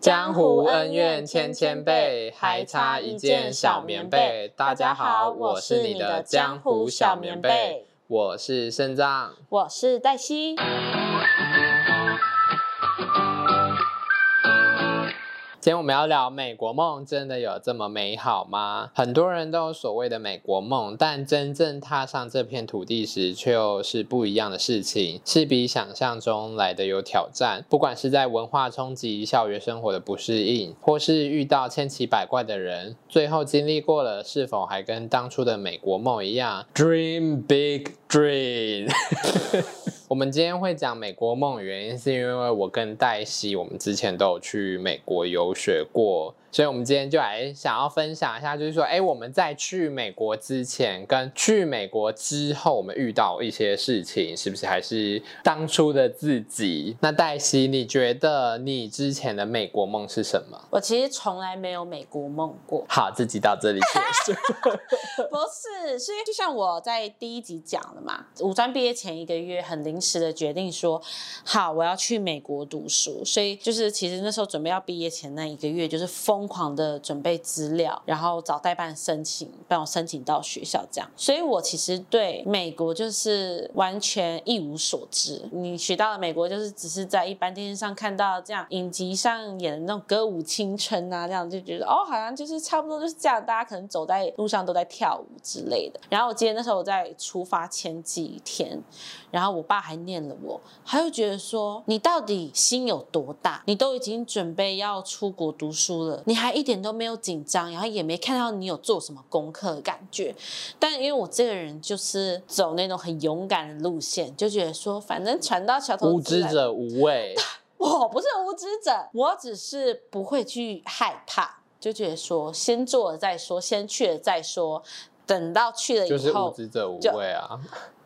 江湖恩怨千千倍，還差一件小棉被。大家好，我是你的江湖小棉被，我是腎臟，我是黛西。今天我們要聊美國夢真的有這麼美好嗎？很多人都有所謂的美國夢，但真正踏上這片土地時，卻又是不一樣的事情，是比想象中來得的有挑戰。不管是在文化衝擊、校園生活的不適應，或是遇到千奇百怪的人，最後經歷過了，是否還跟當初的美國夢一樣？Dream big。Dream， 我們今天會講美國夢的原因是因為我跟黛西，我們之前都有去美國遊學過。所以，我們今天就來想要分享一下，就是說，哎，我們在去美國之前跟去美國之後，我們遇到一些事情，是不是還是當初的自己？那黛西，你覺得你之前的美國夢是什麼？我其實從來沒有美國夢過。好，這集到這裡結束。 不是，是因為就像我在第一集講的嘛，五專畢業前一個月，很臨時的決定說，好，我要去美國讀書。所以，就是其實那時候準備要畢業前那一個月，就是瘋。瘋狂的準備資料，然後找代辦申請，幫我申請到學校這樣。所以我其實對美國就是完全一無所知。你學到了美國就是只是在一般電視上看到這樣影集上演的那種歌舞青春啊，這樣就覺得哦，好像就是差不多就是這樣。大家可能走在路上都在跳舞之類的。然後我記得那時候我在出發前幾天，然後我爸還念了我，他又覺得說你到底心有多大？你都已經準備要出國讀書了。你還一點都沒有緊張，然後也沒看到你有做什麼功課的感覺。但因為我這個人就是走那種很勇敢的路線，就覺得說，反正船到橋頭，無知者無畏。我不是無知者，我只是不會去害怕，就覺得說，先做了再說，先去了再說，等到去了以後就，就是無知者無畏啊。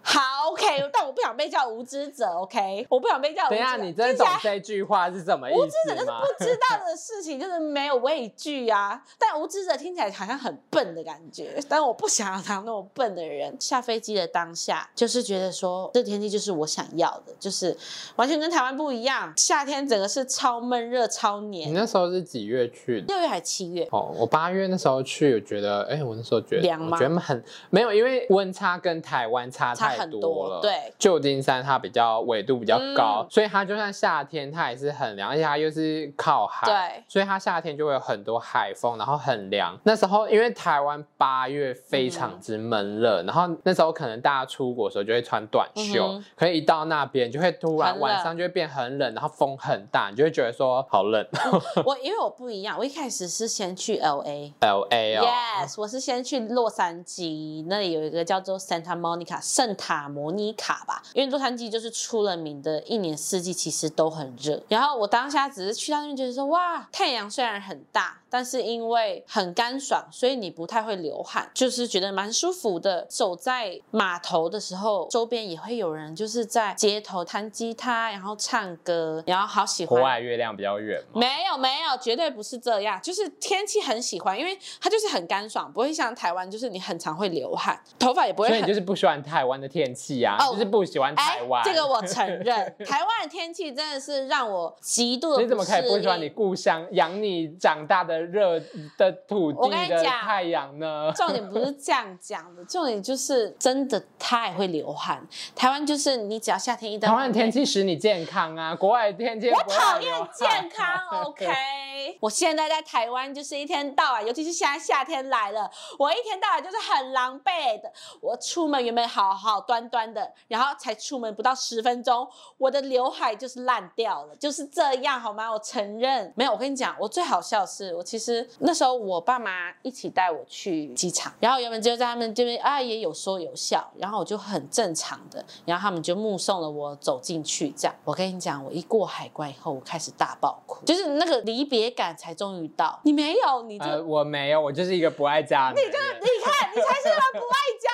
好，OK，但我不想被叫無知者，OK，我不想被叫無知者。等一下，你真的懂這句話是什麼意思？無知者就是不知道的事情， 就是沒有畏懼啊。但無知者聽起來好像很笨的感覺，但我不想要當那麼笨的人。下飛機的當下，就是覺得說，這天氣就是我想要的，就是完全跟台灣不一樣。夏天整個是超悶熱、超黏。你那時候是幾月去的？六月還是七月？哦，我八月那時候去，我覺得，哎、欸，我那時候覺得涼嗎？覺得很沒有，因為溫差跟台灣差。很多了，對。舊金山它比較緯度比較高，嗯、所以它就算夏天它也是很涼，而且它又是靠海，對，所以它夏天就會有很多海風，然後很涼。那時候因為台灣八月非常之悶熱，嗯、然後那時候可能大家出國的時候就會穿短袖，嗯、哼可以一到那邊就會突然晚上就會變很冷，很熱然後風很大，你就會覺得說好冷，嗯。我因為我不一樣，我一開始是先去 LA，LA，Yes、哦、我是先去洛杉磯，那裡有一個叫做 Santa Monica 聖。卡摩尼卡吧，因為洛杉磯就是出了名的，一年四季其實都很熱。然後我當下只是去到那邊，覺得說哇，太陽雖然很大，但是因為很乾爽，所以你不太會流汗，就是覺得蠻舒服的。走在碼頭的時候，周邊也會有人就是在街頭彈吉他，然後唱歌，然後好喜歡。國外月亮比較遠嗎？沒有沒有，絕對不是這樣，就是天氣很喜歡，因為它就是很乾爽，不會像台灣，就是你很常會流汗，頭髮也不會很。所以你就是不喜歡台灣的。天氣啊，oh, 就是不喜歡台灣、欸。這個我承認， 台灣的天氣真的是讓我極度的不適應。你怎麼可以不喜歡你故鄉、養你長大的熱的土地的太陽呢？ 我跟你講，重點不是這樣講的，重點就是真的太會流汗。台灣就是你只要夏天一到，台灣的天氣使你健康啊！國外的天氣我討厭健康，OK？ 我現在在台灣就是一天到晚，尤其是現在夏天來了，我一天到晚就是很狼狽的。我出門原本好好。端端的，然後才出門不到十分鐘，我的劉海就是爛掉了，就是這樣好嗎？我承認沒有。我跟你講，我最好笑的是我其實那時候我爸媽一起帶我去機場，然後原本就在他們這邊啊，也有說有笑，然後我就很正常的，然後他們就目送了我走進去這樣。我跟你講，我一過海關以後，我開始大爆哭，就是那個離別感才終於到。你沒有，你就、呃、我沒有，我就是一個不愛家的人。 你就你看，你才是一個不愛家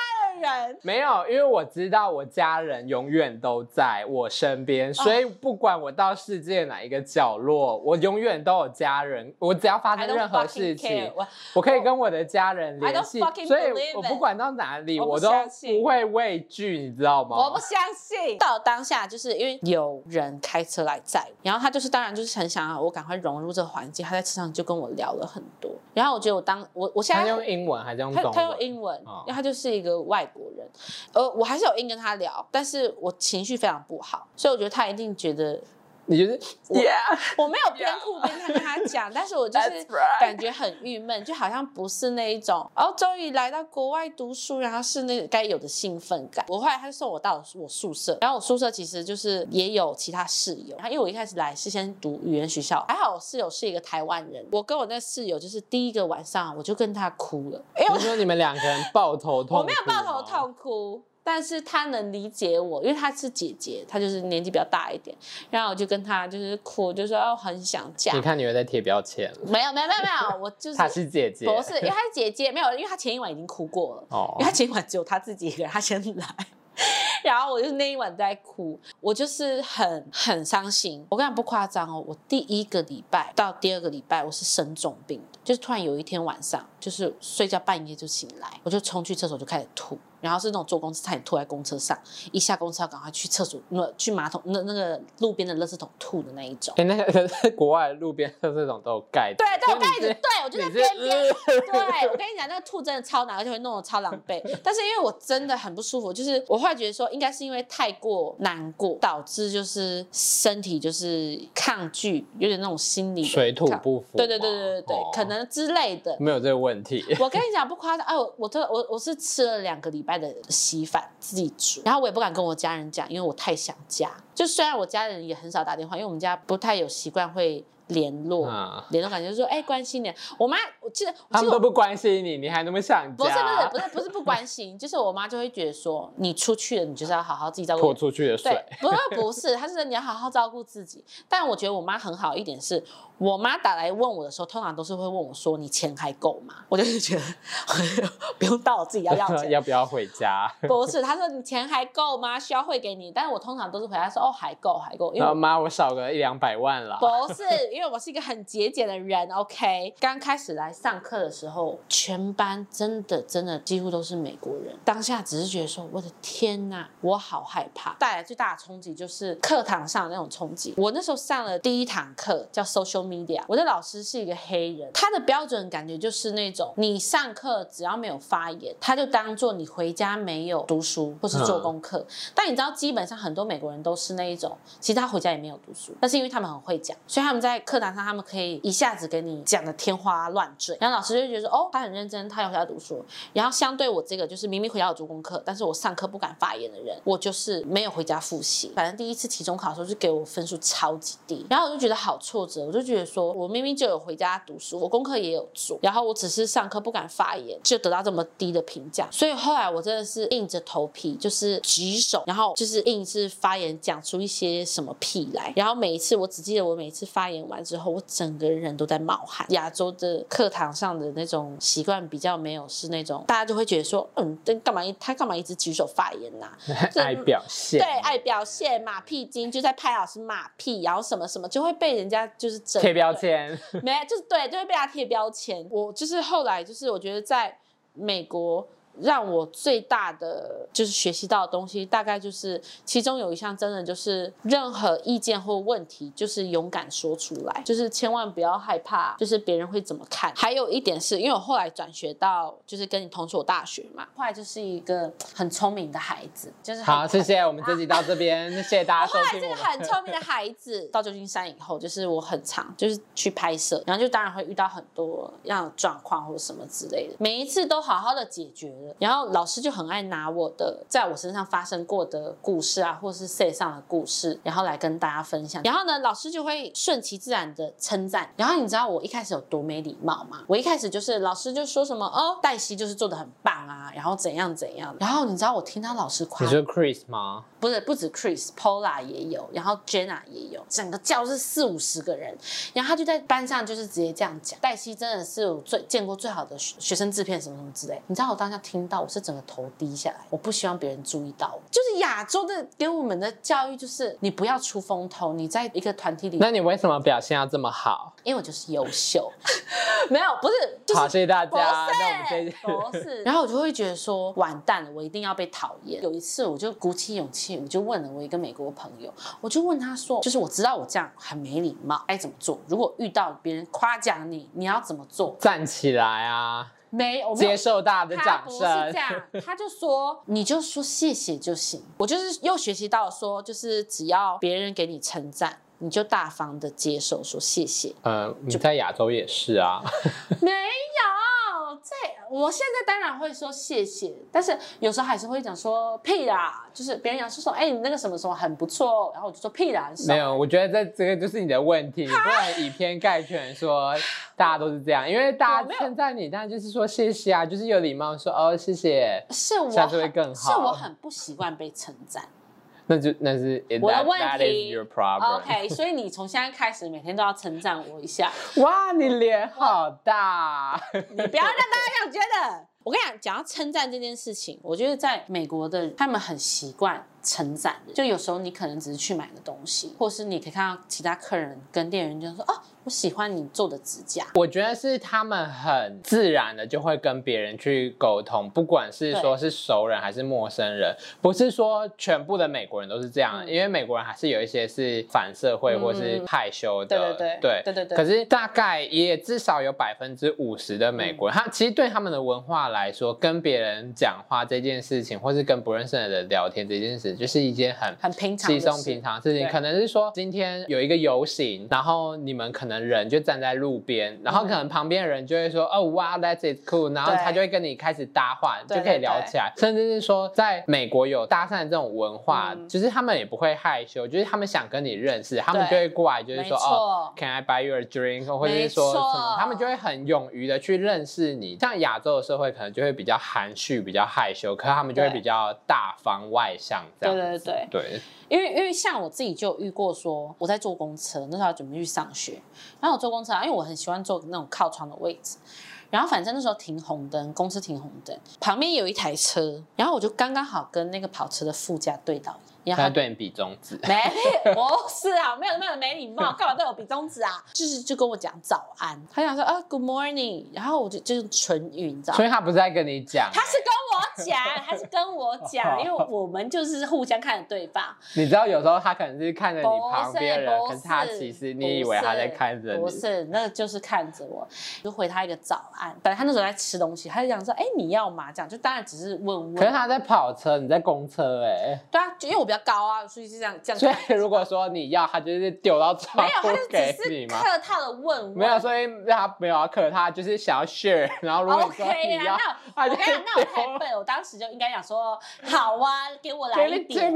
的人。沒有，因為我。我知道我家人永遠都在我身邊，所以不管我到世界哪一個角落，oh, 我永遠都有家人。我只要發生任何事情，我可以跟我的家人聯繫，所以我不管到哪裡，我，我都不會畏懼，你知道嗎？我不相信。到當下就是因為有人開車來載我，然後他就是當然就是很想要我趕快融入這個環境。他在車上就跟我聊了很多，然後我覺得我當我我現在他用英文還是用中文？他，他用英文，oh. 因為他就是一個外國。呃，我還是有硬跟他聊，但是我情緒非常不好，所以我覺得他一定覺得。你覺得我沒有邊哭邊跟他講，Yeah. 但是我就是感覺很鬱悶， 就好像不是那一種。然、哦、後終於來到國外讀書，然後是那個該有的興奮感。我後來他就送我到我宿舍，然後我宿舍其實就是也有其他室友。然後因為我一開始來是先讀語言學校，還好我室友是一個台灣人。我跟我那室友就是第一個晚上我就跟他哭了，欸、我說,你們兩個人抱頭痛， 我沒有抱頭痛哭。但是他能理解我，因為他是姐姐，他就是年紀比較大一點。然後我就跟他就是哭，就說哦，很想家。你看女，女兒在貼標籤，沒有，沒有，沒有，沒有，我就是他是姐姐，不是，因為他是姐姐，沒有，因為他前一晚已經哭過了，哦，因為他前一晚只有他自己一個人他先來， 然後我就那一晚在哭，我就是很很傷心。我跟你講不誇張哦，我第一個禮拜到第二個禮拜，我是生重病的，就是突然有一天晚上，就是睡覺半夜就醒來，我就衝去廁所就開始吐。然後是那種坐公車，差點吐在公車上，一下公車趕快去廁所，那去馬桶，那那個路邊的垃圾桶吐的那一種。哎，那個在國外的路邊的這種都有蓋的，對，都有蓋子。對，我，對我就在邊邊，呃、對我跟你講，那個吐真的超難，而且會弄得超狼狽。 但是因為我真的很不舒服，就是我會覺得說，應該是因為太過難過，導致就是身體就是抗拒，有點那種心理水土不服。對對對對對、哦、可能之類的。沒有這個問題。我跟你講不誇張，哎、啊，我我這我我，我是吃了兩個禮拜的稀飯自己煮，然後我也不敢跟我家人講，因為我太想家。就雖然我家人也很少打電話，因為我們家不太有習慣會。聯絡，嗯、聯絡感覺就是說，哎，關心你。我媽，其實他們都不關心你，我你還那麼想家。不是不是不是不是不關心， 就是我媽就會覺得說，你出去了，你就是要好好自己照顧。我出去的時候，不是不是，不是，她 是說你要好好照顧自己。但我覺得我媽很好一點是，我媽打來問我的時候，通常都是會問我說，你錢還夠嗎？我就是覺得 不用到我自己要要錢 要不要回家？不是，她說你錢還夠嗎？需要匯給你。但是我通常都是回答說，哦，還夠還夠。因為然後媽，我少個一兩百萬了。不是。因為因為我是一個很節儉的人，OK。剛開始來上課的時候，全班真的真的幾乎都是美國人。當下只是覺得說，我的天哪，我好害怕。帶來最大的衝擊就是課堂上的那種衝擊。我那時候上了第一堂課叫 Social Media，我的老師是一個黑人，他的標準感覺就是那種你上課只要沒有發言，他就當做你回家沒有讀書或是做功課。嗯、但你知道，基本上很多美國人都是那一種，其實他回家也沒有讀書，但是因為他們很會講，所以他們在。課堂上，他們可以一下子給你講得天花亂墜，然後老師就覺得哦，他很認真，他要回家讀書。然後相對我這個，就是明明回家有做功課，但是我上課不敢發言的人，我就是沒有回家復習。反正第一次期中考的時候，就給我分數超級低。然後我就覺得好挫折，我就覺得說我明明就有回家讀書，我功課也有做，然後我只是上課不敢發言，就得到這麼低的評價。所以後來我真的是硬着頭皮，就是舉手，然後就是硬是發言，講出一些什麼屁來。然後每一次，我只記得我每一次發言完。之後我整個人都在冒汗。亞洲的課堂上的那種習慣比較沒有，是那種大家就會覺得說，嗯，這幹嘛，他幹嘛一直舉手發言吶、啊？愛表現，對，愛表現，馬屁精就在拍老師馬屁，然後什麼什麼就會被人家就是整貼標籤，沒，就是對，就會被他貼標籤。我就是後來就是我覺得在美國。讓我最大的就是學習到的東西，大概就是其中有一項真的就是任何意見或問題，就是勇敢說出來，就是千萬不要害怕，就是別人會怎麼看。還有一點是，因為我後來轉學到就是跟你同所大學嘛，後來就是一個很聰明的孩子，就是好，謝謝、啊、我們這集到這邊，謝謝大家收聽。後來這個很聰明的孩子 到舊金山以後，就是我很常就是去拍攝，然後就當然會遇到很多樣的狀況或者什麼之類的，每一次都好好的解決了。然後老師就很愛拿我的在我身上發生過的故事啊，或是世界上的故事，然後來跟大家分享。然後呢，老師就會順其自然的稱讚。然後你知道我一開始有多沒禮貌嗎？我一開始就是老師就說什麼哦，黛西就是做的很棒啊，然後怎樣怎樣。然後你知道我聽到老師誇你說 Chris 嗎？不是，不止 Chris，Pola 也有，然後 Jenna 也有，整個教室四五十個人，然後他就在班上就是直接這樣講。黛西真的是我最見過最好的學生制片什麼什麼之類。你知道我當下聽。聽到我是整個頭低下來，我不希望別人注意到我。就是亞洲的給我們的教育，就是你不要出風頭，你在一個團體裡。那你為什麼表現要這麼好？因為我就是優秀。 沒有，不是，就是、好謝謝大家。然後我就會覺得說，完蛋了，我一定要被討厭。 有一次，我就鼓起勇氣，我就問了我一個美國朋友，我就問他說，就是我知道我這樣很沒禮貌，該怎麼做？如果遇到別人誇獎你，你要怎麼做？站起來啊。沒，我沒接受大的掌聲。他不是這樣，他就說，你就說謝謝就行。我就是又學習到說，就是只要別人給你稱讚，你就大方的接受，說謝謝。嗯，就你在亞洲也是啊？沒。我現在當然會說謝謝，但是有時候還是會講說屁啦，就是別人要是說哎、欸、你那個什麼什麼很不錯，然後我就說屁啦。沒有，我覺得這這個就是你的問題，哈不能以偏概全說大家都是這樣，因為大家稱讚你，但就是說謝謝啊，就是有禮貌說哦謝謝，是我下次會更好。是我很不習慣被稱讚。 那就那是 that，我的問題。your problem. OK，所以你從現在開始每天都要稱讚我一下。 哇，你臉好大！ 你不要讓大家這樣覺得。我跟你講，講到稱讚這件事情，我覺得在美國的他們很習慣。成長的，就有時候你可能只是去買個東西，或是你可以看到其他客人跟店員就說：“哦，我喜歡你做的指甲。”我覺得是他們很自然的就會跟別人去溝通，不管是說是熟人還是陌生人，對不是說全部的美國人都是這樣，嗯、因為美國人還是有一些是反社會或是害羞的，嗯、對對對，對，可是大概也至少有百分之五十的美國人，嗯、他其實對他們的文化來說，跟別人講話這件事情，或是跟不認識的人聊天這件事情。就是一件很平的很平常、就是、稀鬆平常的事情，可能是說今天有一個遊行，對然後你們可能人就站在路邊，嗯、然後可能旁邊的人就會說哦、oh,，Wow，that is cool，對然後他就會跟你開始搭話，對對對就可以聊起來，甚至是說在美國有搭訕這種文化，其實、嗯、他們也不會害羞，就是他們想跟你認識，他們就會過來，就是說哦沒錯、oh,，Can I buy you a drink？或者說什麼，沒錯他們就會很勇於的去認識你。像亞洲的社會可能就會比較含蓄、比較害羞，可是他們就會比較大方、外向。對嗯對對對對，因為因為像我自己就遇過，說我在坐公車那時候要準備去上學，然後我坐公車、啊，因為我很喜歡坐那種靠窗的位置，然後反正那時候停紅燈，公車停紅燈，旁邊有一台車，然後我就剛剛好跟那個跑車的副駕對到。他對你比中指？沒，不是啊，沒有沒有，沒禮貌，幹嘛對我比中指啊？ 就是就跟我講早安，他想說啊，Good morning，然後我就就是唇語，你知道？所以，他不是在跟你講，他是跟我講，他是跟我講，因為我們就是互相看着對方。 對，你知道有時候他可能是看着你旁邊人，不是，可是他其實你以為他在看着你，不，不是，那就是看着我，就回他一個早安。本來他那時候在吃東西，他就想說，哎、欸，你要嗎？這樣就當然只是問問。可是他在跑車，你在公車、欸，哎，對啊，就因為我比較。高啊，所以是這樣。所以如果說你要他，就是丟到倉庫給你嗎？沒有，他就只是客套的問，問，沒有，所以他沒有、啊。客套就是想要 share，然後如果你說你要，那我太笨了。我當時就應該想說，好啊，給我來一點。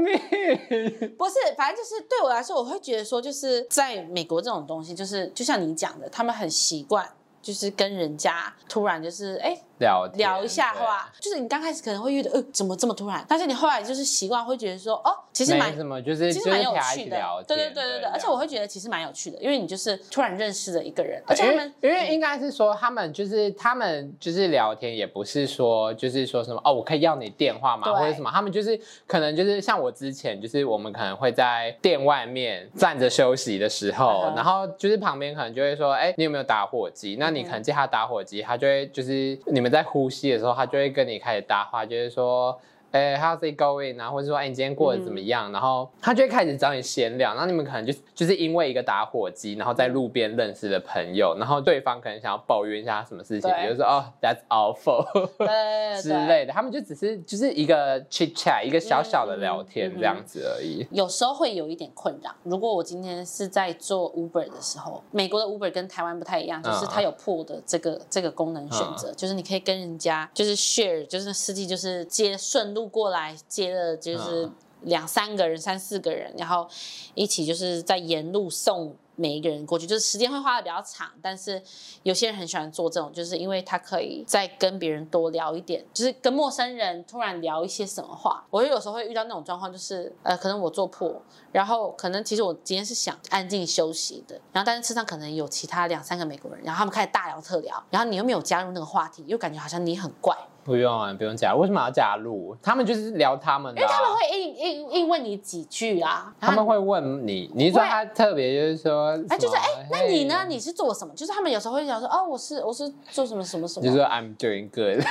不是，反正就是對我來說，我會覺得說，就是在美國這種東西，就是就像你講的，他們很習慣，就是跟人家突然就是哎。聊聊一下，話。對就是你剛開始可能會覺得，呃，怎麼這麼突然？但是你後來就是習慣，會覺得說，哦、喔，其實蠻沒什麼，就是蠻有趣的，對對對對對。而且我會覺得其實蠻有趣的，因為你就是突然認識了一個人，欸、而且他們因為應該是說他們就是他們就是聊天，也不是說就是說什麼哦、喔，我可以要你電話嘛，對或者什麼？他們就是可能就是像我之前就是我們可能會在店外面站着休息的時候，嗯、然後就是旁邊可能就會說，哎、欸，你有沒有打火機？那你可能借他打火機，他就會就是你。你們在呼吸的時候，他就會跟你開始搭話，就是說。哎、欸，How's it going？啊？或者說，哎、欸，你今天過得怎麼樣？嗯、然後他就會開始找你閒聊。然後你們可能就是、就是因為一個打火機，然後在路邊認識的朋友。嗯、然後對方可能想要抱怨一下他什麼事情，比如對說哦、oh，That's awful，對對對之類的。對他們就只是就是一個 chit chat，一個小小的聊天這樣子而已。有時候會有一點困擾。如果我今天是在做 Uber 的時候，美國的 Uber 跟台灣不太一樣，就是它有 pool 的這個這個功能選擇，嗯、就是你可以跟人家就是 share，就是司機就是接順路。過來接了就是兩三個人、三四個人，然後一起就是在沿路送每一個人過去，就是時間會花得比較長，但是有些人很喜歡做這種，就是因為他可以再跟別人多聊一點，就是跟陌生人突然聊一些什麼話。我有時候會遇到那種狀況，就是呃，可能我坐破，然後可能其實我今天是想安靜休息的，然後但是車上可能有其他兩三個美國人，然後他們開始大聊特聊，然後你又沒有加入那個話題，又感覺好像你很怪。不用啊，不用加。為什麼要加入？他們就是聊他們的、啊，因為他們會硬硬硬問你幾句啊。他，他們會問你，你說他特別就是說，哎、欸，就是哎，欸、嘿那你呢？你是做什麼？就是他們有時候會想說，哦，我是我是做什麼什麼什麼。就是 I'm doing good。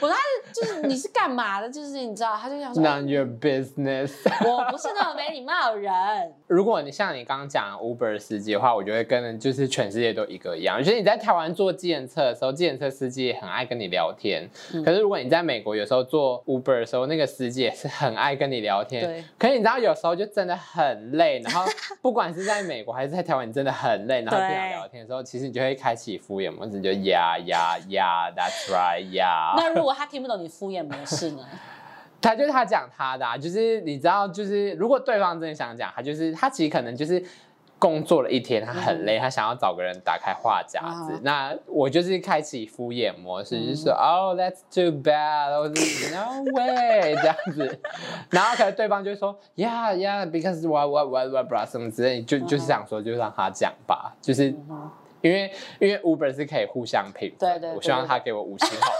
我說就是你是幹嘛的？就是你知道，他就想說 None、欸、your business 我不是那麼沒禮貌的人。如果你像你剛剛講 Uber 司機的話，我覺得跟就是全世界都一個一樣。我覺得你在台灣做計程車的時候，計程車司機很愛跟你聊天，天，可是如果你在美國，有時候坐 Uber 的時候，那個司機也是很愛跟你聊天。嗯、可是你知道，有時候就真的很累。對然後不管是在美國還是在台灣， 你真的很累。然後跟他聊天的時候，對其實你就會開啟敷衍模式，對就呀呀呀，That's right，呀，yeah。那如果他聽不懂你敷衍模式呢？ 他就是他講他的，啊，就是你知道，就是如果對方真的想講，他就是他其實可能就是。工作了一天，他很累，他想要找個人打開話匣子。嗯、那我就是開啟敷衍模式，就說、嗯、h、oh, that's too bad，No、oh, way， 這樣子。然後可能對方就會說，Yeah，Yeah，Because why why why why brother 什麼之類，就就是這樣說，就讓他講吧。嗯、就是、嗯、因為因為 Uber 是可以互相評，對對，對對，我希望他給我五星好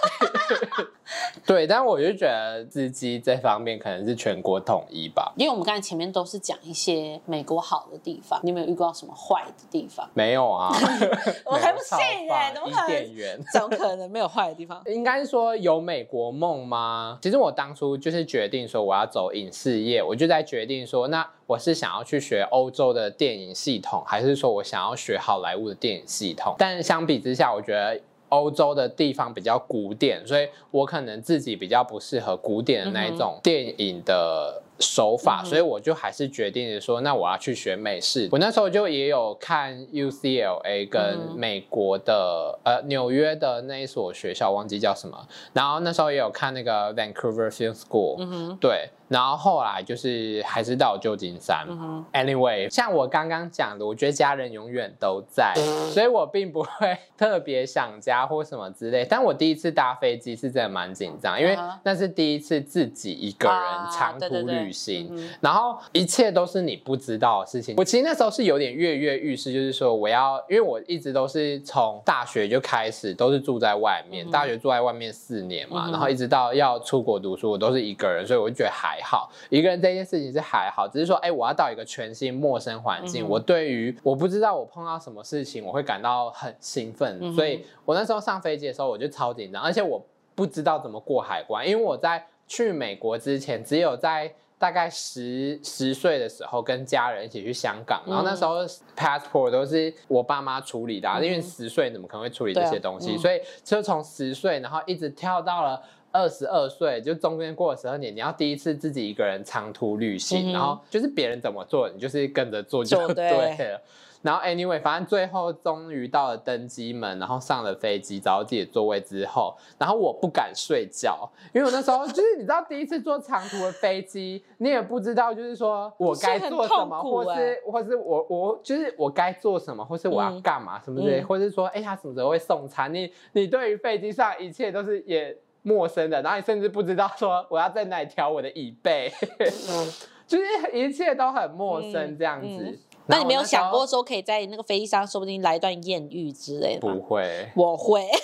評。 對，但我就覺得司機這方面可能是全國統一吧，因為我們剛才前面都是講一些美國好的地方，你有沒有遇過什麼壞的地方？沒有啊， 我還不信哎、欸，怎麼可能？怎麼可能沒有壞的地方？ 應該是說有美國夢嗎？其實我當初就是決定說我要走影視業，我就在決定說，那我是想要去學歐洲的電影系統，還是說我想要學好萊塢的電影系統？但相比之下，我覺得。歐洲的地方比較古典，所以我可能自己比較不適合古典的那一種電影的手法，嗯、哼所以我就還是決定說，那我要去學美式。我那時候就也有看 UCLA 跟美國的、嗯、哼呃紐約的那一所學校，忘記叫什麼。然後那時候也有看那個 Vancouver Film School，、嗯、哼對。然後後來就是還是到舊金山。嗯、哼 Anyway，像我剛剛講的，我覺得家人永遠都在，嗯、所以我並不會特別想家或什麼之類。但我第一次搭飛機是真的蠻緊張，因為那是第一次自己一個人長途旅行，啊對對對嗯、然後一切都是你不知道的事情。我其實那時候是有點躍躍欲試，就是說我要，因為我一直都是從大學就開始都是住在外面，嗯、大學住在外面四年嘛，嗯、哼然後一直到要出國讀書，我都是一個人，所以我就覺得還。還好，一個人這件事情是還好，只是說，哎、欸，我要到一個全新陌生環境，嗯、哼我對於我不知道我碰到什麼事情，我會感到很興奮。嗯、哼所以我那時候上飛機的時候，我就超緊張，而且我不知道怎麼過海關，因為我在去美國之前，只有在大概十十歲的時候跟家人一起去香港，嗯、然後那時候 passport 都是我爸媽處理的、啊，嗯、哼因為十歲怎麼可能會處理這些東西？啊嗯、所以就從十歲，然後一直跳到了。二十二歲，就中間過了十二年，你要第一次自己一個人長途旅行。嗯、然後就是別人怎麼做，你就是跟着做就對了。對，然後 anyway，反正最後終於到了登機門，然後上了飛機，找到自己的座位之後，然後我不敢睡覺，因為我那時候 就是你知道第一次坐長途的飛機，你也不知道就是說我該做什麼，是啊，或是或是我我就是我該做什麼，或是我要幹嘛，欸、什麼的，或者說哎呀什麼時候會送餐？你你對於飛機上一切都是也陌生的，然後你甚至不知道說我要在哪裡調我的椅背，嗯、 就是一切都很陌生這樣子。嗯嗯、那,那你沒有想過說可以在那個飛機上，說不定來一段豔遇之類的嗎？不會，我會。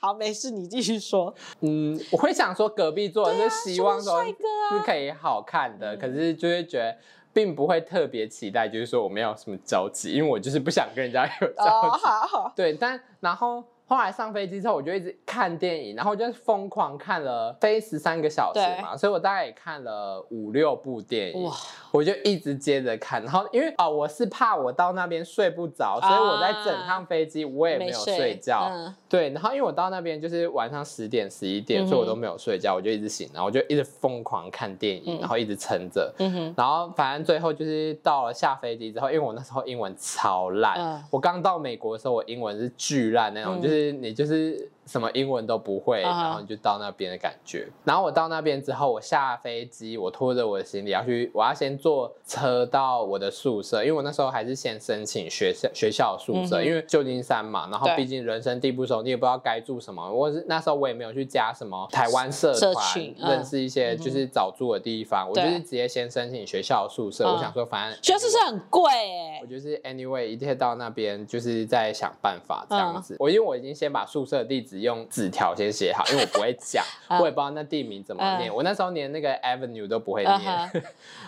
好，沒事，你繼續說。嗯，我會想說隔壁座的是希望說是可以好看的，啊是是啊、可是就會覺得並不會特別期待，就是說我沒有什麼交集，因為我就是不想跟人家有交集。哦，好好。對，但然後。後來上飛機之後，我就一直看電影，然後就瘋狂看了飛十三個小時嘛，對所以我大概也看了五六部電影，哇我就一直接着看。然後因為哦，我是怕我到那邊睡不着，啊、所以我在整趟飛機我也沒有睡覺。沒睡嗯、對，然後因為我到那邊就是晚上十點十一點，嗯、哼所以我都沒有睡覺，我就一直醒，然後我就一直瘋狂看電影，嗯、然後一直撐着。嗯、哼然後反正最後就是到了下飛機之後，因為我那時候英文超爛，嗯、我剛到美國的時候我英文是巨爛那種，嗯、就是。你就是。什麼英文都不會，然後你就到那邊的感覺。Uh huh. 然後我到那邊之後，我下了飛機，我拖着我的行李要去，我要先坐車到我的宿舍，因為我那時候還是先申請學校學校的宿舍，嗯、哼因為舊金山嘛，然後畢竟人生地不熟，對你也不知道該住什麼。我是那時候我也沒有去加什麼台灣社團，社群 uh huh. 認識一些就是找住的地方，對我就是直接先申請學校的宿舍。Uh huh. 我想說，反正宿舍是很貴、欸。我就是 anyway，一定要到那邊就是再想辦法這樣子。Uh huh. 我因為我已經先把宿舍地址。用紙條先寫好，因為我不會講，我也不知道那地名怎麼念。我那時候連那個 Avenue 都不會念，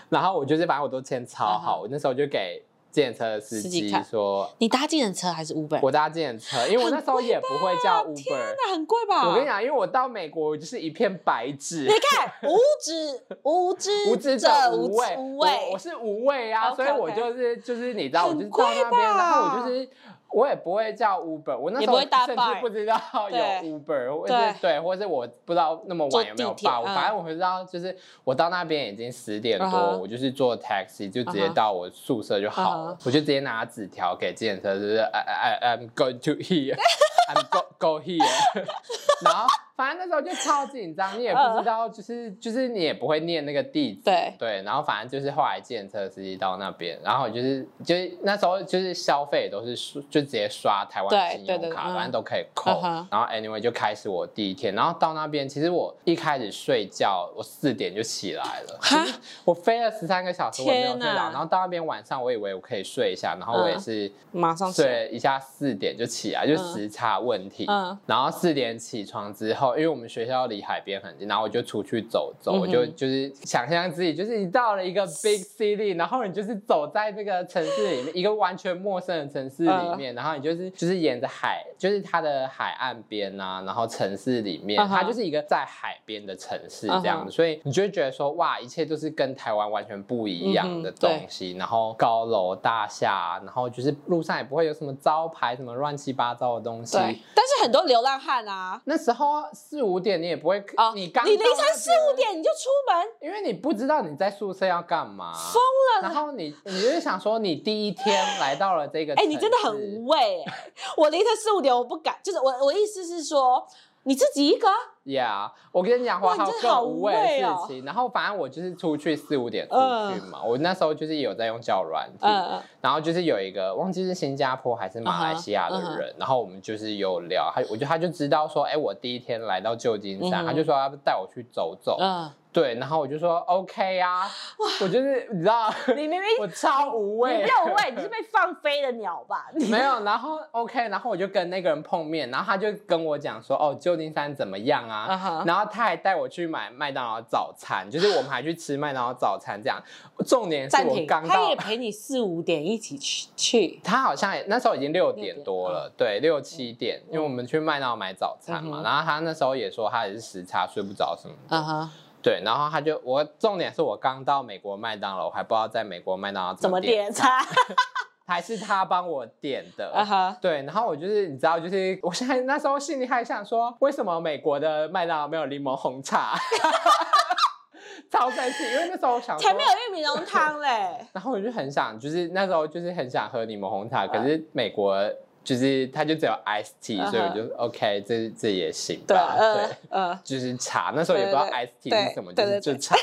然後我就是反正我都簽抄好。我那時候就給計程車司機說，你搭計程車還是 Uber？我搭計程車，因為我那時候也不會叫 Uber，很貴吧？我跟你講，因為我到美國就是一片白紙。你看無知無知無知者無畏無畏，我是無畏啊，所以我就是就是你知道，我就是到那邊，然後我就是。我也不會叫 Uber，我那時候甚至不知道有 Uber，或是對，對或者是我不知道那麼晚有沒有吧？我反正我知道，就是我到那邊已經十點多，uh、huh, 我就是坐 taxi 就直接到我宿舍就好了。Uh huh, uh huh. 我就直接拿紙條給計程車，就是 I I I, I'm going to here。 I go go here， 然後反正那時候就超緊張，你也不知道，就是、uh. 就是你也不會念那個地址，對對，然後反正就是後來建車司機到那邊，然後就是就是那時候就是消費都是就直接刷台灣信用卡，對對對反正都可以扣、嗯。然後 anyway 就開始我第一天，uh huh. 然後到那邊其實我一開始睡覺我四點就起來了，Huh? 我飛了十三個小時哪我也沒有睡着，然後到那邊晚上我以為我可以睡一下，然後我也是馬上睡一下四點就起來，嗯、就時差。嗯問題，然後四點起床之後，因為我們學校離海邊很近，然後我就出去走走，我、嗯、哼就就是想象自己就是你到了一個 big city，然後你就是走在這個城市裡面， 一個完全陌生的城市裡面，嗯、然後你就是就是沿着海，就是它的海岸邊啊，然後城市裡面，它就是一個在海邊的城市這樣子，嗯、哼所以你就會覺得說哇，一切都是跟台灣完全不一樣的東西，嗯、然後高樓大廈，然後就是路上也不會有什麼招牌什麼亂七八糟的東西。對但是很多流浪漢啊那，那時候四五點你也不會，oh, 你剛你凌晨四五點你就出門，因為你不知道你在宿舍要幹嘛，瘋了。然後你你就是想說你第一天來到了這個，哎，你真的很無畏，欸。我凌晨四五點我不敢，就是我我意思是說你自己一個。Yeah，我跟你講，花好貴的事情。然後反正我就是出去四五點出去嘛。呃、我那時候就是有在用交友軟體，嗯、呃、然後就是有一個忘記是新加坡還是馬來西亞的人，啊、哈然後我們就是有聊，啊、哈他我覺得他就知道說，哎、欸，我第一天來到舊金山，嗯、哼他就說他要帶我去走走，嗯、啊。對，然後我就說 OK 啊，哇我就是你知道，你明明 我超無畏，你沒有畏，你是被放飛的鳥吧？ 沒有，然後 OK，然後我就跟那個人碰面，然後他就跟我講說，哦，舊金山怎麼樣啊？Uh huh. 然後他還帶我去買麥當勞早餐，就是我們還去吃麥當勞早餐，這樣。重點是我剛到他也陪你四五點一起去，去他好像也那時候已經六點多了，uh huh. 對，六七點，uh huh. 因為我們去麥當勞買早餐嘛，uh huh. 然後他那時候也說他也是時差睡不着什麼對，然後他就，我重點是我剛到美國麥當勞，我還不知道在美國麥當勞怎麼點餐，點 還是他幫我點的。Uh huh. 對，然後我就是，你知道，就是我現在那時候心裡還想說，為什麼美國的麥當勞沒有檸檬紅茶？ 超神奇，因為那時候我想前面有玉米濃湯嘞， 然後我就很想，就是那時候就是很想喝檸檬紅茶，uh huh. 可是美國。就是他就只有 ice tea, S T，、uh huh. 所以我就 O、okay, K，這這也行吧？對,啊、對，uh, 就是查、uh, 那時候也不知道 ice tea S T 是什麼，對對對對就就查。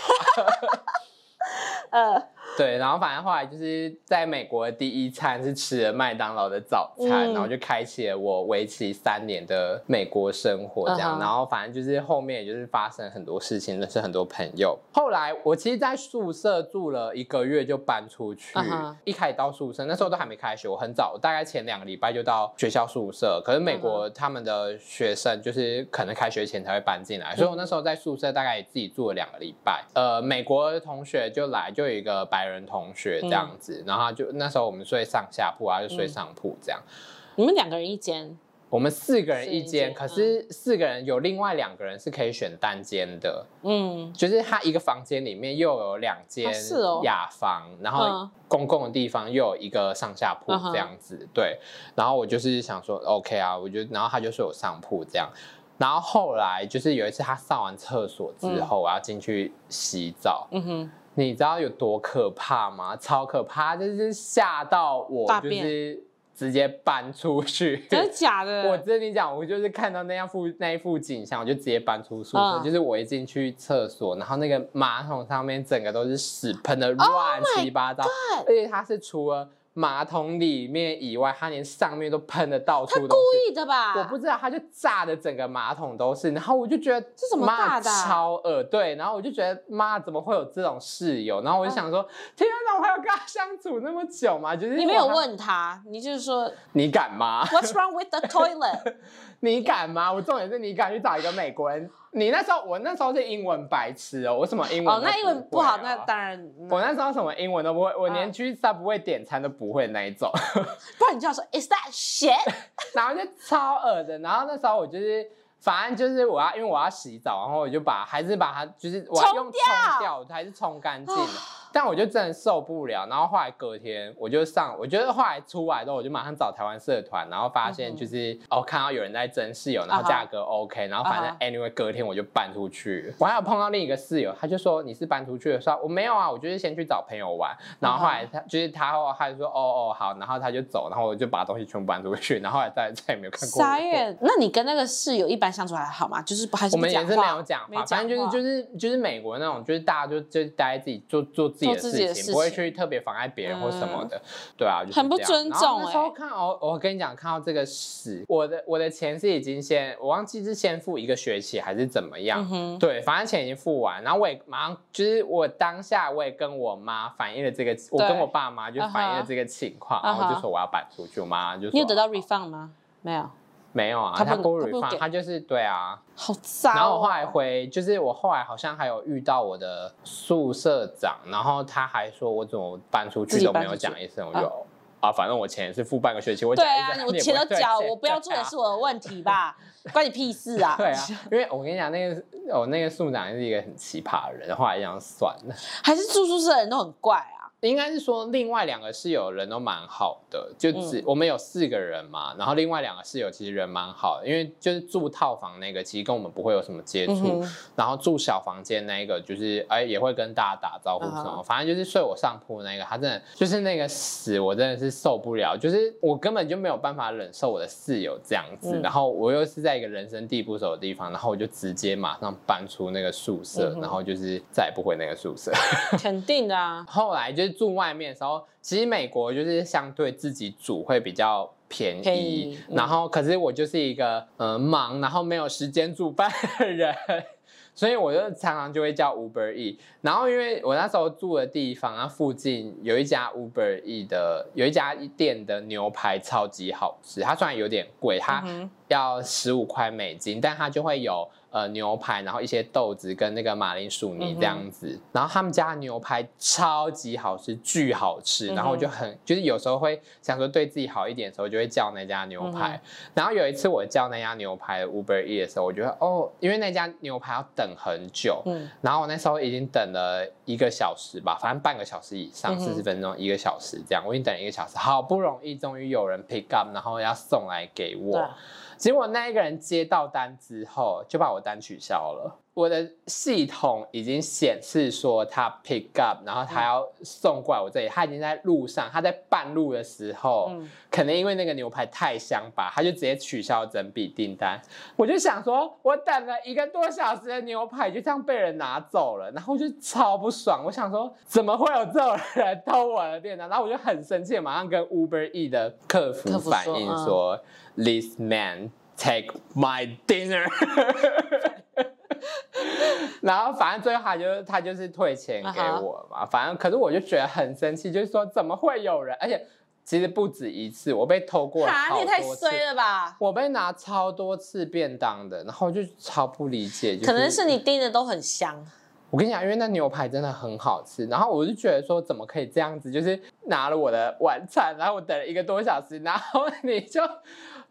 對，然後反正後來就是在美國的第一餐是吃了麥當勞的早餐，嗯、然後就開啟了我為期三年的美國生活。這樣，uh huh. 然後反正就是後面也就是發生很多事情，認識、就是、很多朋友。後來我其實，在宿舍住了一個月就搬出去。Uh huh. 一開始到宿舍那時候都還沒開學，我很早，大概前兩個禮拜就到學校宿舍。可是美國他們的學生就是可能開學前才會搬進來，uh huh. 所以我那時候在宿舍大概也自己住了兩個禮拜。呃，美國的同學就來，就有一個白。人同學這樣子，嗯、然後就那時候我們睡上下鋪，啊就睡上鋪這樣、嗯。你們兩個人一間，我們四個人一間，一間可是四個人、嗯、有另外兩個人是可以選單間的，嗯，就是他一個房間裡面又有兩間雅房，啊是哦、然後公共的地方又有一個上下鋪這樣子，嗯、對。然後我就是想說，OK 啊，我就，然後他就睡我上鋪這樣。然後後來就是有一次他上完廁所之後，嗯、我要進去洗澡，嗯哼。你知道有多可怕嗎？超可怕，就是嚇到我，大便，就是直接搬出去。真的假的？我跟你講，我就是看到那樣副那一副景象，我就直接搬出宿舍。嗯、就是我一進去廁所，然後那個馬桶上面整個都是屎噴的亂七八糟，oh、而且它是除了。馬桶裡面以外，他連上面都噴的到處都是。他故意的吧？我不知道，他就炸的整個馬桶都是。然後我就覺得，這什麼炸的、啊？超惡對。然後我就覺得，媽，怎麼會有這種室友？然後我就想說，唉天哪、啊，我還要跟他相處那麼久嗎？就是你沒有問他，他你就是說，你敢嗎？What's wrong with the toilet？ 你敢嗎？Yeah. 我重點是你敢去找一個美國人。你那時候，我那時候是英文白痴哦、喔，我什麼英文，喔……哦，oh, 那英文不好，那當然。那我那時候什麼英文都不會，我連去，然不會點餐都不會那一種。Uh, 不然你就要說 “Is that shit？” 然後就超惡的。然後那時候我就是，反正就是我要，因為我要洗澡，然後我就把還是把它，就是我用沖掉，掉我還是沖乾淨。Oh. 但我就真的受不了，然後後來隔天我就上，我覺得後來出來之後，我就馬上找台灣社團，然後發現就是、嗯、哼哦，看到有人在徵室友，然後價格 OK，、啊、好然後反正 anyway，隔天我就搬出去。啊、好我還有碰到另一個室友，他就說你是搬出去的時候，說我沒有啊，我就是先去找朋友玩。然後後來他、啊、好就是他，後來他就說哦哦好，然後他就走，然後我就把東西全部搬出去，然後後來再再也沒有看過。三月，那你跟那個室友一般相處還好嗎？就是不還是不我們也是沒有講嘛，反正就是就是就是美國那種，就是大家就就待、是、在自己做做。自己的事情，事情不會去特別妨礙別人或什麼的，嗯、對啊，就是、很不尊重、欸。然後看哦，我跟你講，看到這個事，我的我的錢是已經先，我忘記是先付一個學期還是怎麼樣，嗯、哼對，反正錢已經付完。然後我也馬上，就是我當下我也跟我媽反映了這個，對我跟我爸媽就反映了這個情況，啊、哈然後就說我要搬出去。我媽、啊、哈就說，你有得到 refund 嗎？沒有。嗯沒有啊，他不 refund 他，他，他就是對啊，好渣、啊。然後我後來回，就是我後來好像還有遇到我的宿舍長，然後他還說我怎麼搬出去都沒有講一聲，我就啊，啊，反正我錢是付半個學期，我對啊，我錢都繳，對我不要住也是我的問題吧， 關你屁事啊！對啊，因為我跟你講那個我那個宿長是一個很奇葩的人，後來一樣算了，還是住宿舍的人都很怪啊。應該是說另外兩個室友人都蠻好的，就只我們有四個人嘛，嗯、然後另外兩個室友其實人蠻好的，因為就是住套房那個其實跟我們不會有什麼接觸，嗯、哼然後住小房間那個就是哎也會跟大家打招呼什麼，啊、好好反正就是睡我上鋪那個他真的就是那個屎我真的是受不了，對就是我根本就沒有辦法忍受我的室友這樣子，嗯、然後我又是在一個人生地不熟的地方，然後我就直接馬上搬出那個宿舍，嗯、哼然後就是再也不回那個宿舍。肯定的啊， 後來就。住外面的時候，其實美國就是相對自己煮會比較便宜。以然後，可是我就是一個呃我、嗯、忙，然後沒有時間煮飯的人，所以我就常常就會叫 Uber E。然後，因為我那時候住的地方啊，那附近有一家 Uber E 的，有一家店的牛排超級好吃。它雖然有點貴，它要十五塊美金，但它就會有。呃，牛排，然後一些豆子跟那個馬鈴薯泥這樣子，嗯、哼然後他們家的牛排超級好吃，巨好吃，嗯、哼然後我就很就是有時候會想說對自己好一點的時候，就會叫那家牛排。嗯、哼然後有一次我叫那家牛排 Uber E 的時候，我覺得哦，因為那家牛排要等很久，嗯、然後我那時候已經等了一個小時吧，反正半個小時以上，四十分鐘、一個小時這樣，我已經等了一個小時，好不容易終於有人 pick up，然後要送來給我。嗯。結果那一個人接到單之後，就把我單取消了。我的系統已經顯示說他 pick up，然後他要送過來我這裡，他已經在路上，他在半路的時候，嗯，可能因為那個牛排太香吧，他就直接取消整筆訂單。我就想說，我等了一個多小時的牛排就這樣被人拿走了，然後我就超不爽。我想說，怎麼會有這種人來偷我的訂單，然後我就很生氣，馬上跟 Uber E 的客服反映說，說、啊、，This man take my dinner。 然後反正最後他就是他就是退錢給我嘛，反正可是我就覺得很生氣，就是說怎麼會有人，而且其實不止一次，我被偷過，你也太衰了吧！我被拿超多次便當的，然後就超不理解，可能是你訂的都很香。我跟你講，因為那牛排真的很好吃，然後我就覺得說怎麼可以這樣子，就是拿了我的晚餐，然後我等了一個多小時，然後你就。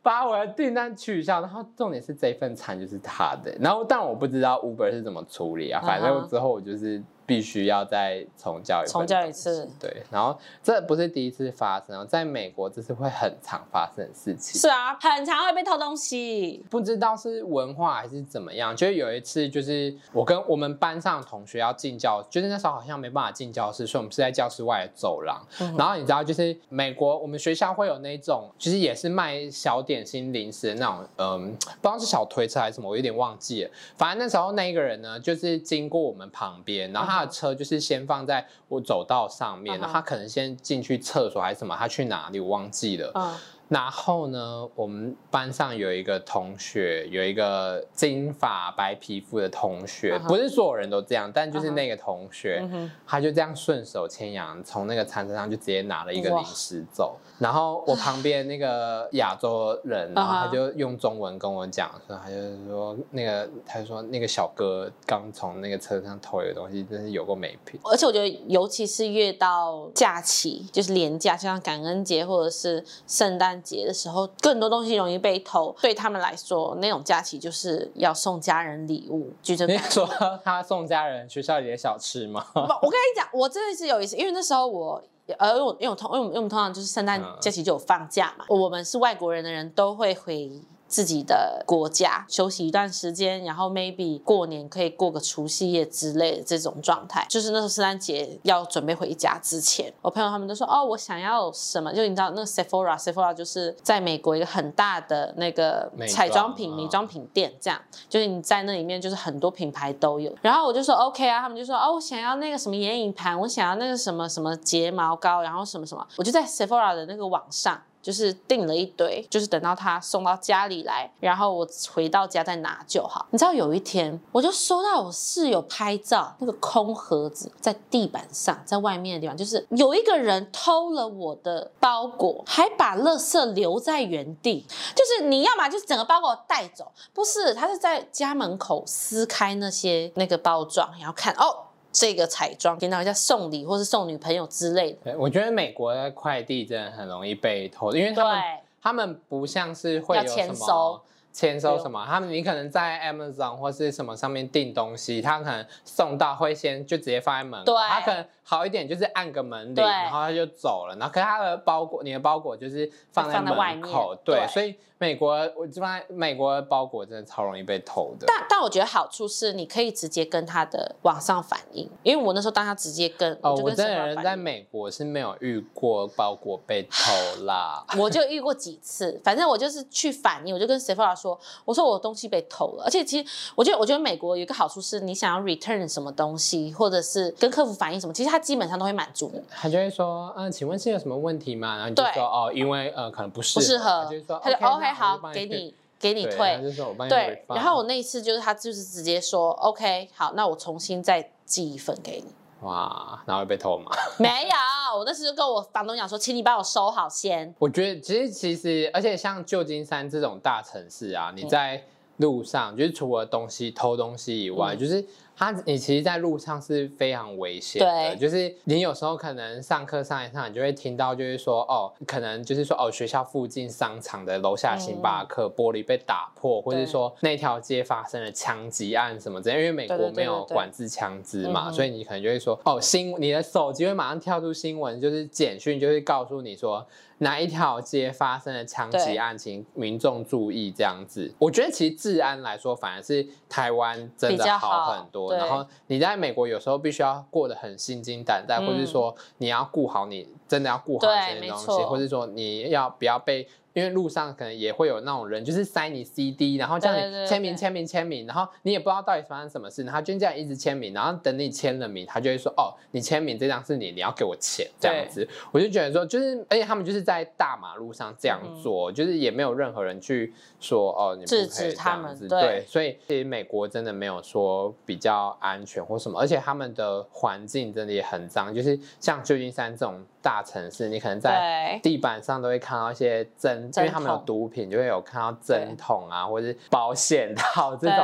把我的訂單取消，然後重點是這一份餐就是他的，然後但我不知道 Uber 是怎麼處理啊，反正之後我就是。必須要再重教一次。重教一次。對，然後這不是第一次發生，在美國這是會很常發生的事情。是啊，很常會被偷東西。不知道是文化還是怎麼樣，就是有一次，就是我跟我們班上同學要進教，就是那時候好像沒辦法進教室，所以我們是在教室外的走廊。然後你知道，就是美國我們學校會有那種，其實也是賣小點心零食那種，嗯，不知道是小推車還是什麼，我有點忘記了。反正那時候那一個人呢，就是經過我們旁邊，然後他、嗯。車就是先放在我走道上面，uh huh. 然後他可能先進去廁所還是什麼，他去哪裡我忘記了。Uh huh. 然後呢，我們班上有一個同學，有一個金髮白皮膚的同學，不是所有人都這樣，但就是那個同學，uh huh. 他就這樣順手牽羊，從那個餐車上就直接拿了一個零食走。Uh huh. 然後我旁邊那個亞洲人，uh huh. 然後他就用中文跟我講，uh huh. 說，那個，他就是說那個他說那個小哥剛從那個車上偷一個東西，真是有夠沒品。而且我覺得，尤其是越到假期，就是連假，就像感恩節或者是聖誕。節的時候，更多東西容易被偷，對他們來說，那種假期就是要送家人禮物。舉說，你說他送家人學校裡的小吃嗎？不，我跟你講，我真的是有意思，因為那時候我，呃，我因為我，因為我，因，為我因為我們通常就是聖誕假期就有放假嘛，嗯、我們是外國人的人都會回自己的國家休息一段時間，然後 maybe 過年可以過個除夕夜之類的這種狀態，就是那時候聖誕節要準備回家之前，我朋友他們都說哦，我想要什麼？就你知道那個 Sephora，Sephora Sep 就是在美國一個很大的那個彩妝品、美妝品店，這樣，就是你在那裡面就是很多品牌都有。然後我就說 OK 啊，他們就說哦，我想要那個什麼眼影盤，我想要那個什麼什麼睫毛膏，然後什麼什麼，我就在 Sephora 的那個網上。就是訂了一堆，就是等到他送到家裡來，然後我回到家再拿就好。你知道有一天，我就收到我室友拍照那個空盒子在地板上，在外面的地方，就是有一個人偷了我的包裹，還把垃圾留在原地。就是你要麼要嘛就是整個包裹帶走，不是他是在家門口撕開那些那個包裝，然後看哦。這個彩妝，聽到一下送禮或是送女朋友之類的。對，我覺得美國的快遞真的很容易被偷，因為他們對他們不像是會簽收。簽收什麼？他們，你可能在 Amazon 或是什麼上面訂東西，他可能送到會先就直接放在門口，對，他可能好一點就是按個門鈴，對然後他就走了。然後可是他的包裹，你的包裹就是放在門口。外面對，對對，所以美國我這邊美國的包裹真的超容易被偷的。但但我覺得好處是你可以直接跟他的網上反映，因為我那時候當他直接跟哦，我，我真的人在美國是沒有遇過包裹被偷啦。 我就遇過幾次，反正我就是去反映，我就跟師傅老師，說，我說我的東西被偷了，而且其實我覺得，我覺得美國有一個好處是，你想要 return 什麼東西，或者是跟客服反映什麼，其實他基本上都會滿足你。他就會說，嗯、呃，請問是有什麼問題嗎？然後你就說，對哦，因為呃，可能不適不適合。他就說，他就 OK, OK 好，給你給你退。他就說，我幫你退。對，然後我那一次就是他就是直接說 OK 好，那我重新再寄一份給你。哇，然後又被偷嗎？沒有，我那時就跟我房東講說，請你幫我收好先。我覺得其實其實，而且像舊金山這種大城市啊，你在路上、嗯、就是除了東西偷東西以外，就是。嗯他、啊，你其實在路上是非常危險的。對。就是你有時候可能上課上一上，你就會聽到，就是說，哦，可能就是說，哦，學校附近商場的樓下星巴克玻璃被打破，嗯、或者說對那條街發生了槍擊案什麼的。因為美國沒有管制槍支嘛，對對對對，所以你可能就會說，哦，新，你的手機會馬上跳出新聞，就是簡訊，就會告訴你說，哪一條街發生了槍擊案，對請民眾注意這樣子。我覺得其實治安來說，反而是台灣真的好很多。對 然後你在美國有時候必須要過得很心驚膽戰，嗯、或者說你要顧好你。真的要顧好這些東西，或者說你要不要被？因為路上可能也會有那種人，就是塞你 CD，然後叫你簽名、對對對對簽名、簽名，然後你也不知道到底發生什麼事。然後他就這樣一直簽名，然後等你簽了名，他就會說：“哦，你簽名這張是你，你要給我錢。”這樣子，對我就覺得說，就是而且他們就是在大馬路上這樣做，嗯、就是也沒有任何人去說哦，你制止他們。對，對所以其實美國真的沒有說比較安全或什麼，而且他們的環境真的也很髒，就是像舊金山這種大。大城市，你可能在地板上都會看到一些針，對因為他們有毒品，就會有看到針筒啊，對或是保險套這種，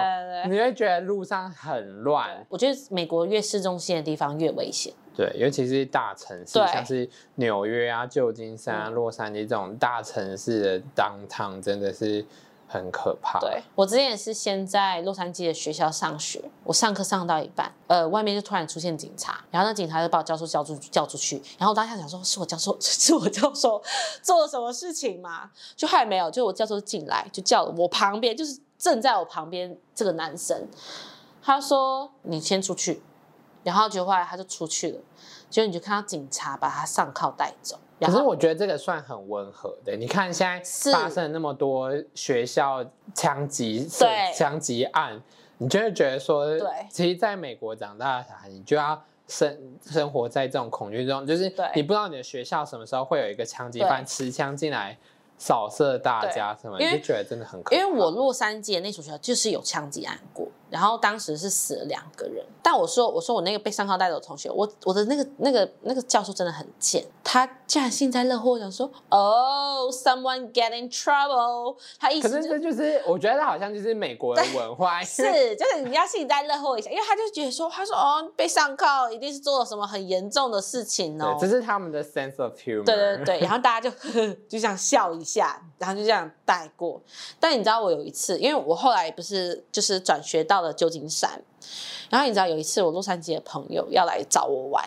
你會覺得路上很亂。我覺得美國越市中心的地方越危險，對，尤其是大城市，對像是紐約啊、舊金山啊、洛杉磯這種大城市的 downtown 真的是。很可怕。對，我之前也是先在洛杉磯的學校上學，我上課上到一半，呃，外面就突然出現警察，然後那警察就把我教授叫出叫出去，然後我當下想說是我教授是我教授做了什麼事情嗎？就還沒有，就我教授就進來就叫了我旁邊就是正在我旁邊這個男生，他說你先出去，然後就後來他就出去了，結果你就看到警察把他上銬帶走。可是我覺得這個算很溫和的。你看現在發生了那麼多學校槍擊、槍擊是對 案，你就會覺得說，其實在美國長大的小孩，你就要生是對 生活在這種恐懼中，就是你不知道你的學校什麼時候會有一個槍擊犯持槍進來掃射大家什麼，因你就覺得真的很可怕。因為我洛杉磯的那所學校就是有槍擊案過。然後當時是死了兩個人，但我說我說我那個被上銬帶走的同學，我我的那個那個那個教授真的很賤，他竟然幸災樂禍的說，哦、oh,，someone get in trouble，他一直，就是,可是就是我覺得他好像就是美國的文化，但為是就是你要幸災樂禍一下， 因為他就覺得說他說哦被上銬一定是做了什麼很嚴重的事情哦，這是他們的 sense of humor，對對對，然後大家就呵呵就這樣笑一下，然後就這樣帶過。但你知道我有一次，因為我後來不是就是轉學到。到了舊金山，然後你知道有一次我洛杉磯的朋友要來找我玩，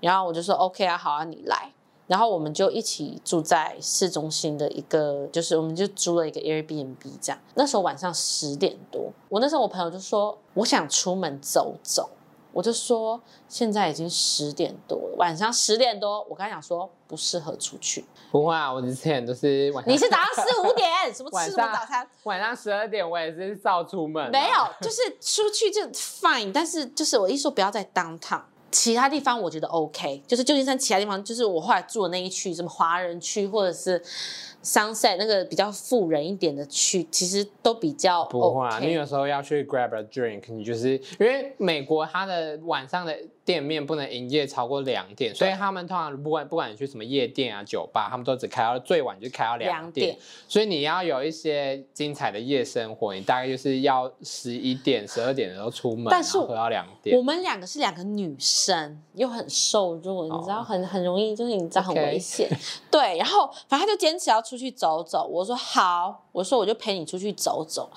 然後我就說 OK 啊，好啊，你來，然後我們就一起住在市中心的一個，就是我們就租了一個 Airbnb 這樣。那時候晚上十點多，我那時候我朋友就說我想出門走走。我就說，現在已經十點多了，晚上十點多，我剛才想說不適合出去。不會啊，我之前都是晚上。你是早上四五點， 上什麼吃不早餐？晚上十二點我也是照出門。沒有，就是出去就 fine，但是就是我一說不要再 downtown 其他地方我覺得 OK，就是舊金山其他地方，就是我後來住的那一區，什麼華人區或者是。Sunset 那個比較富人一點的區，其實都比較、OK、不會、啊、你有時候要去 grab a drink，你就是因為美國它的晚上的。店面不能營業超過兩點，所以他們通常不管不管你去什麼夜店啊、酒吧，他們都只開到最晚就開到兩點。所以你要有一些精彩的夜生活，你大概就是要十一點、十二點的時候出門，但是喝到兩點。我們兩個是兩個女生，又很瘦弱，oh. 你知道很很容易就是你知道很危險，Okay. 對。然後反正就堅持要出去走走，我說好，我說我就陪你出去走走。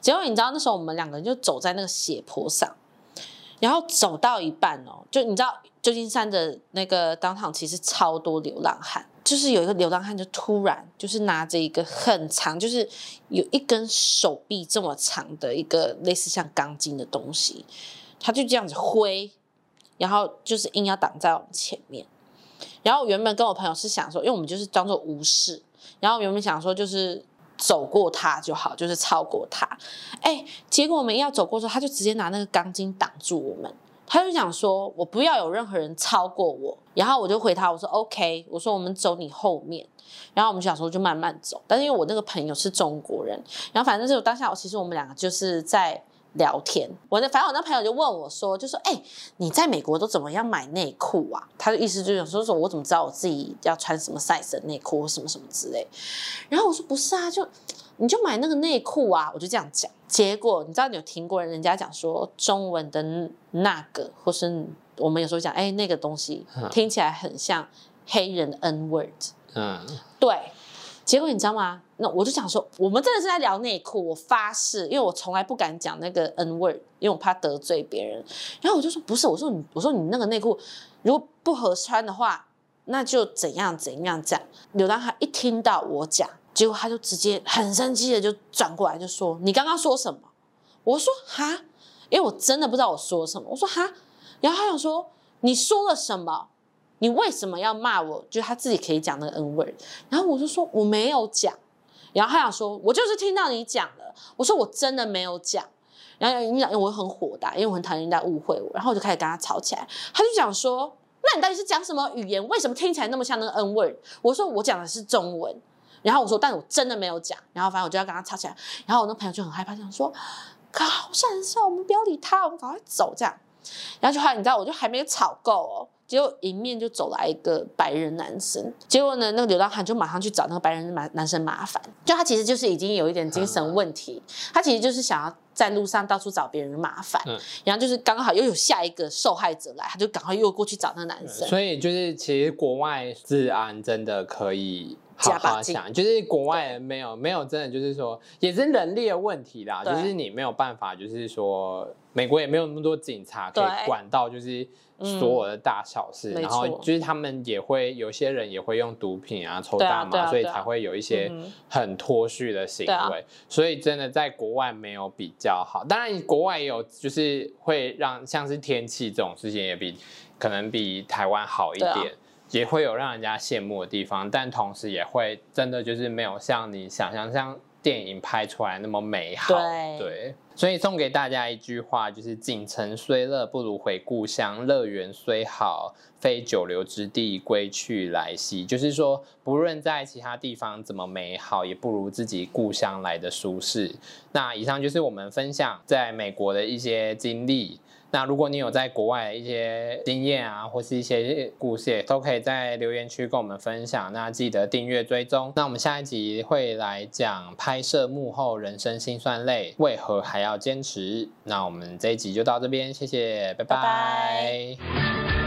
結果你知道那時候我們兩個人就走在那個斜坡上。然後走到一半哦，就你知道，舊金山的那個 downtown 其實超多流浪漢，就是有一個流浪漢就突然就是拿着一個很長，就是有一根手臂這麼長的一個類似像鋼筋的東西，他就這樣子揮，然後就是硬要擋在我們前面。然後原本跟我朋友是想說，因為我們就是裝作無視，然後原本想說就是。走過他就好，就是超過他。哎、欸，結果我們要走過之後，他就直接拿那個鋼筋擋住我們。他就想說，我不要有任何人超過我。然後我就回他，我說 OK，我說我們走你後面。然後我們想說就慢慢走，但是因為我那個朋友是中國人，然後反正是我當下，我其實我們兩個就是在。聊天，我那反正我那朋友就問我說，就說哎、欸，你在美國都怎麼樣買內褲啊？他的意思就是說說我怎麼知道我自己要穿什麼 size 的內褲或什麼什麼之類。然後我說不是啊，就你就買那個內褲啊，我就這樣講。結果你知道你有聽過人家講說中文的那個，或是我們有時候講哎、欸、那個東西聽起來很像黑人的 N word，嗯，對。結果你知道嗎？那我就想說，我們真的是在聊內褲，我發誓，因為我從來不敢講那個 N word，因為我怕得罪別人。然後我就說，不是，我說你，我說你那個內褲如果不合穿的話，那就怎樣怎樣講。劉當海一聽到我講，結果他就直接很生氣的就轉過來就說，你剛剛說什麼？我說哈，因為我真的不知道我說什麼，我說哈。然後他想說，你說了什麼？你為什麼要罵我？就是他自己可以講那個 N word。然後我就說，我沒有講。然後他想說，我就是聽到你講了。我說我真的沒有講。然後人家，我很火大，因為我很討厭人家誤會我。然後我就開始跟他吵起來。他就講說，那你到底是講什麼語言？為什麼聽起來那麼像那個 N word？我說我講的是中文。然後我說，但我真的沒有講。然後反正我就要跟他吵起來。然後我那朋友就很害怕，想說，搞什麼笑？我們不要理他，我們趕快走這樣。然後就還你知道，我就還沒吵夠哦。結果迎面就走來一個白人男生，結果呢，那個流浪漢就馬上去找那個白人男男生麻煩。就他其實就是已經有一點精神問題，嗯、他其實就是想要在路上到處找別人麻煩。嗯、然後就是剛剛好又有下一個受害者來，他就趕快又過去找那個男生。嗯、所以就是其實國外治安真的可以加把勁，就是國外也沒有對沒有真的就是說也是人力的問題啦，對就是你沒有辦法就是說美國也沒有那麼多警察可以管到就是。所有的大小事，嗯、然後就是他們也會有些人也會用毒品啊、抽大麻，啊啊、所以才會有一些很脫序的行為。嗯、所以真的在國外沒有比較好，啊、當然國外也有，就是會讓像是天氣這種事情也比可能比台灣好一點，啊、也會有讓人家羨慕的地方，但同時也會真的就是沒有像你想象像電影拍出來那麼美好。對。對所以送給大家一句話，就是“錦城雖樂，不如回故鄉；樂園雖好，非久留之地。歸去來兮。”就是說，不論在其他地方怎麼美好，也不如自己故鄉來得舒適。那以上就是我們分享在美國的一些經歷。那如果你有在國外一些經驗啊，或是一些故事，都可以在留言區跟我們分享。那記得訂閱追蹤。那我們下一集會來講拍攝幕後人生辛酸淚，為何還要堅持？那我們這一集就到這邊，謝謝，拜拜。拜拜